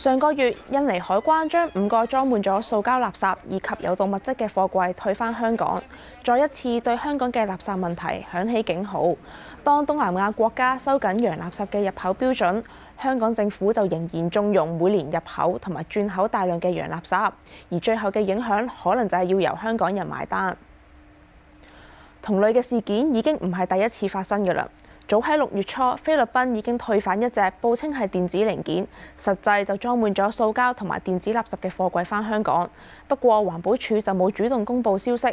上個月，印尼海關將五個裝滿咗塑膠垃圾以及有毒物質嘅貨櫃退返香港，再一次對香港嘅垃圾問題響起警號。當東南亞國家收緊洋垃圾嘅入口標準，香港政府就仍然縱容每年入口同埋轉口大量嘅洋垃圾，而最後嘅影響可能就係要由香港人埋單。同類嘅事件已經唔係第一次發生嘅啦。早喺六月初，菲律賓已經退返一隻，報稱係電子零件，實際就裝滿咗塑膠同埋電子垃圾嘅貨櫃返香港。不過，環保署就冇主動公布消息。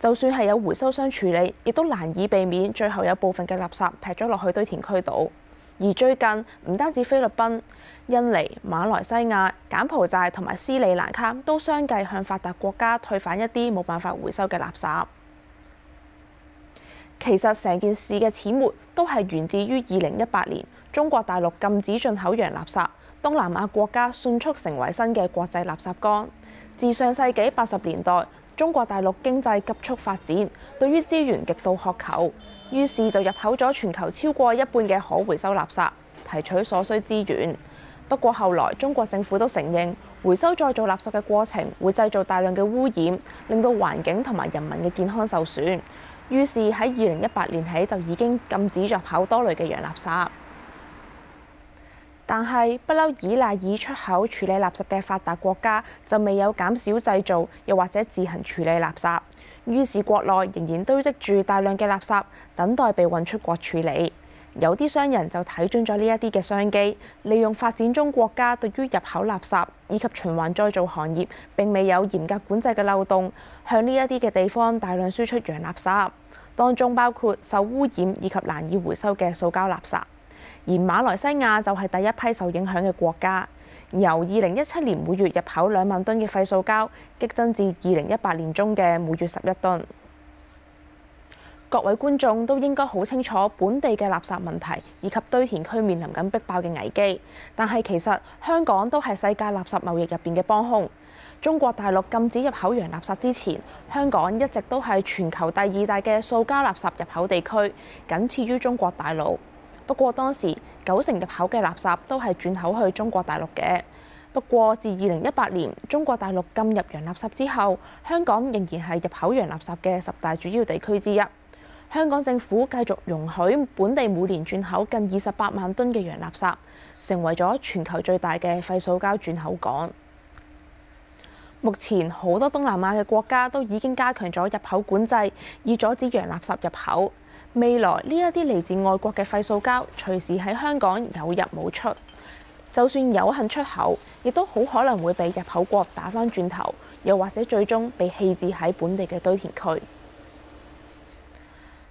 就算係有回收商處理，亦都難以避免最後有部分嘅垃圾劈咗落去堆填區度。而最近，唔單止菲律賓、印尼、馬來西亞、柬埔寨同埋斯里蘭卡都相繼向發達國家退返一啲冇辦法回收嘅垃圾。其實成件事嘅始末都係源自於二零一八年中國大陸禁止進口洋垃圾，東南亞國家迅速成為新嘅國際垃圾崗。自上世紀八十年代，中國大陸經濟急速發展，對於資源極度渴求，於是就入口咗全球超過一半嘅可回收垃圾，提取所需資源。不過，後來中國政府都承認，回收再造垃圾嘅過程會製造大量嘅污染，令到環境同埋人民嘅健康受損。於是喺二零一八年起就已經禁止入口多類嘅洋垃圾，但係不嬲倚賴以出口處理垃圾嘅發達國家就未有減少製造又或者自行處理垃圾，於是國內仍然堆積住大量嘅垃圾等待被運出國處理。有啲商人就睇準咗呢一啲嘅商機，利用發展中國家對於入口垃圾以及循環再造行業並未有嚴格管制嘅漏洞，向呢一啲嘅地方大量輸出洋垃圾，當中包括受污染以及難以回收嘅塑膠垃圾。而馬來西亞就係第一批受影響嘅國家，由二零一七年每月入口兩萬噸嘅廢塑膠激增至二零一八年中嘅每月十一噸。各位觀眾都應該好清楚本地嘅垃圾問題，以及堆填區面臨緊逼爆嘅危機。但係其實香港都係世界垃圾貿易入邊嘅幫凶。中國大陸禁止入口洋垃圾之前，香港一直都係全球第二大嘅塑膠垃圾入口地區，僅次於中國大陸。不過當時九成入口嘅垃圾都係轉口去中國大陸嘅。不過自二零一八年中國大陸禁入洋垃圾之後，香港仍然係入口洋垃圾嘅十大主要地區之一。香港政府繼續容許本地每年轉口近二十八萬噸嘅洋垃圾，成為咗全球最大嘅廢塑膠轉口港。目前好多東南亞嘅國家都已經加強咗入口管制，以阻止洋垃圾入口。未來，呢一啲嚟自外國嘅廢塑膠隨時喺香港有入冇出，就算有幸出口，亦都好可能會被入口國打返轉頭，又或者最終被棄置喺本地嘅堆填區。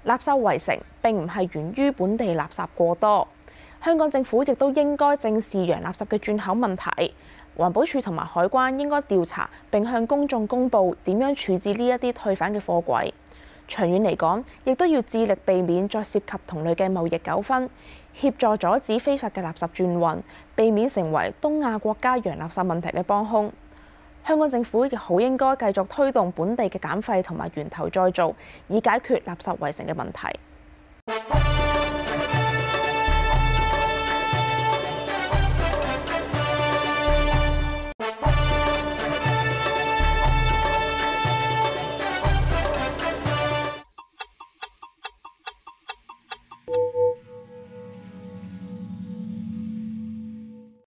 垃圾圍城並唔係源於本地垃圾過多，香港政府亦都應該正視洋垃圾嘅轉口問題。環保署同埋海關應該調查並向公眾公布點樣處置呢一啲退返嘅貨櫃。長遠嚟講，亦都要致力避免再涉及同類嘅貿易糾紛，協助阻止非法嘅垃圾轉運，避免成為東亞國家洋垃圾問題嘅幫兇。香港政府亦好應該繼續推動本地嘅減廢同埋源頭再造，以解決垃圾圍城嘅問題。